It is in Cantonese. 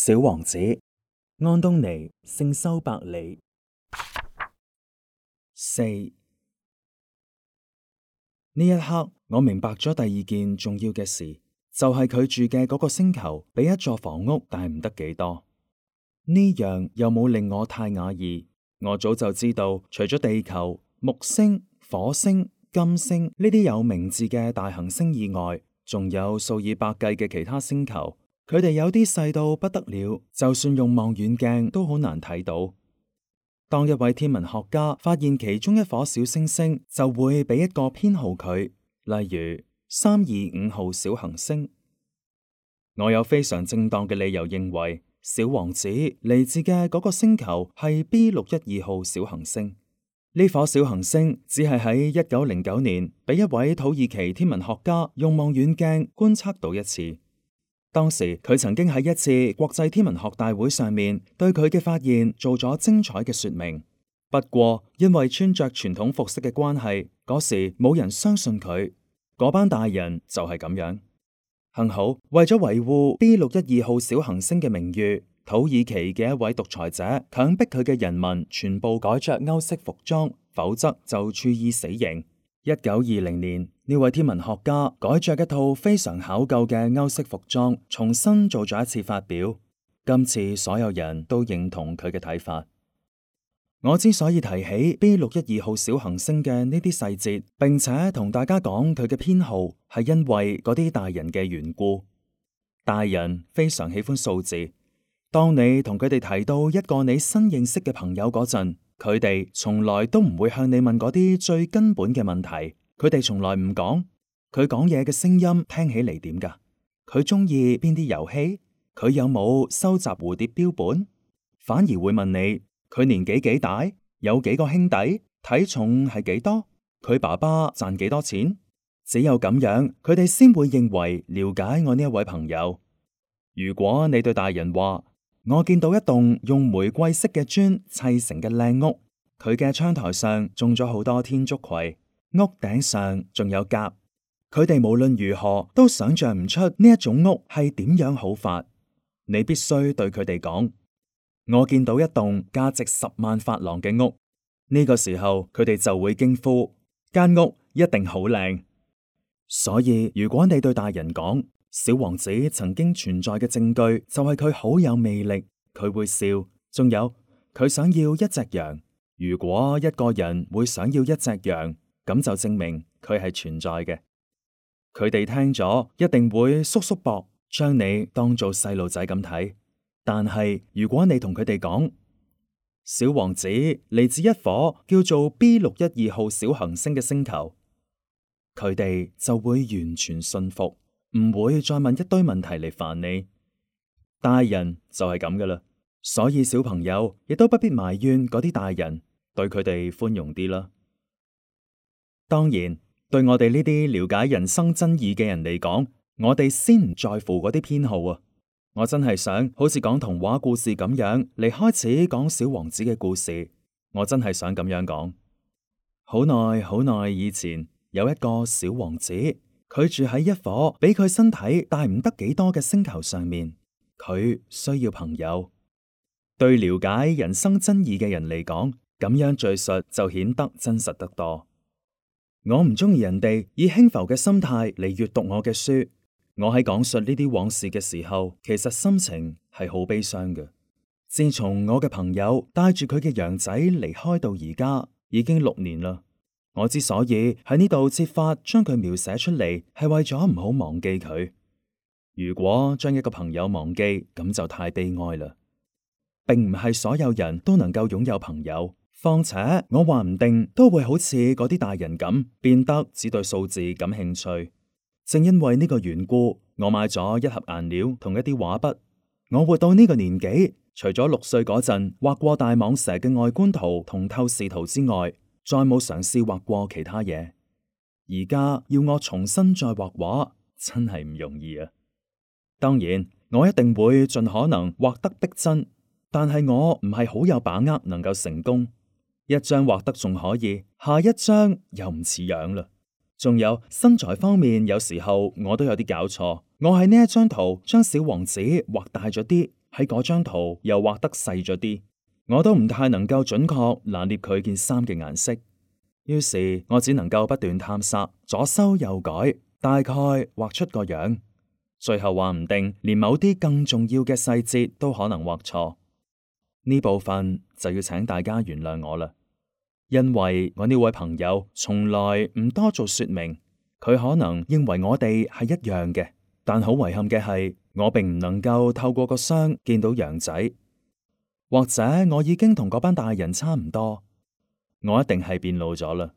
小王子，安東尼聖修伯里。四。呢一刻，我明白咗第二件重要嘅事，就係、是、佢住嘅嗰個星球比一座房屋大唔得幾多。呢樣又有冇令我太訝異？我早就知道，除咗地球、木星、火星、金星呢啲有名字嘅大行星以外，仲有數以百計嘅其他星球。佢哋有啲細到不得了，就算用望遠鏡都好難睇到。當一位天文學家發現其中一顆小星星，就會俾一個編號佢，例如三二五號小行星。我有非常正當嘅理由認為，小王子嚟自嘅嗰個星球係 B 六一二號小行星。呢顆小行星只係喺一九零九年俾一位土耳其天文學家用望遠鏡觀測到一次。當時佢曾經喺一次國際天文學大會上面，對佢嘅發現做咗精彩嘅說明。不過因為穿着傳統服飾嘅關係，嗰時冇人相信佢。嗰班大人就係咁樣。幸好為咗維護 B 六一二號小行星嘅名譽，土耳其嘅一位獨裁者強迫佢嘅人民全部改着歐式服裝，否則就處以死刑。一九二零年，呢位天文學家改着一套非常考究嘅歐式服裝，重新做咗一次發表。今次所有人都認同佢嘅睇法。我之所以提起 B 六一二號小行星嘅呢啲細節，並且同大家講佢嘅編號，係因為嗰啲大人嘅緣故。大人非常喜歡數字。當你同佢哋提到一個你新認識嘅朋友嗰陣。佢哋從來都唔會向你問嗰啲最根本嘅問題，佢哋從來唔講佢講嘢嘅聲音聽起嚟點㗎？佢中意邊啲遊戲？佢有冇收集蝴蝶標本？反而會問你佢年紀幾大？有幾個兄弟？體重係幾多？佢爸爸賺幾多錢？只有咁樣，佢哋先會認為了解我呢一位朋友。如果你對大人話，我見到一棟用玫瑰色嘅磚砌成嘅靚屋，佢嘅窗台上種咗好多天竺葵，屋頂上仲有鴿。佢哋無論如何都想象唔出呢一種屋係點樣好法。你必須對佢哋講，我見到一棟價值十萬法郎嘅屋，呢個時候佢哋就會驚呼，間屋一定好靚。所以如果你對大人講，小王子曾經存在嘅證據就係佢好有魅力，佢會笑，仲有佢想要一隻羊。如果一個人會想要一隻羊，咁就證明佢係存在嘅。佢哋聽咗一定會縮縮膊，將你當做細路仔咁睇。但係如果你同佢哋講小王子嚟自一顆叫做 B 六一二號小行星嘅星球，佢哋就會完全信服。唔會再問一堆問題嚟煩你，大人就係咁嘅啦，所以小朋友亦都不必埋怨嗰啲大人，對佢哋寬容啲啦。當然，對我哋呢啲了解人生真意嘅人嚟講，我哋先唔在乎嗰啲偏好啊。我真係想好似講童話故事咁樣嚟開始講小王子嘅故事，我真係想咁樣講。好耐好耐以前，有一個小王子。佢住喺一顆比佢身體大唔得幾多嘅星球上面，佢需要朋友。對了解人生真意嘅人嚟講，咁樣敘述就顯得真實得多。我唔中意人哋以輕浮嘅心態嚟閱讀我嘅書。我喺講述呢啲往事嘅時候，其實心情係好悲傷嘅。自從我嘅朋友帶住佢嘅羊仔離開到而家，已經六年啦。我之所以喺呢度設法將佢描寫出嚟，係為咗唔好忘記佢。如果將一個朋友忘記，咁就太悲哀啦。並唔係所有人都能夠擁有朋友，況且我話唔定都會好似嗰啲大人咁，變得只對數字感興趣。正因為呢個緣故，我買咗一盒顏料同一啲畫筆。我活到呢個年紀，除咗六歲嗰陣畫過大蟒蛇嘅外觀圖同透視圖之外，再冇嘗試畫過其他嘢，而家要我重新再畫畫，真係唔容易啊！當然，我一定會盡可能畫得逼真，但係我唔係好有把握能夠成功。一張畫得仲可以，下一張又唔似樣啦。仲有，身材方面，有時候我都有啲搞錯。我喺呢一張圖將小王子畫大咗啲，喺嗰張圖又畫得細咗啲。我都唔太能夠準確拿捏佢件衫嘅顏色，於是我只能夠不斷探索、左修右改，大概畫出個樣。最後話唔定連某啲更重要嘅細節都可能畫錯，呢部分就要請大家原諒我啦。因為我呢位朋友從來唔多做說明，佢可能認為我哋係一樣嘅，但好遺憾嘅係，我並唔能夠透過個箱見到羊仔。或者我已經同嗰班大人差唔多，我一定係變老咗啦。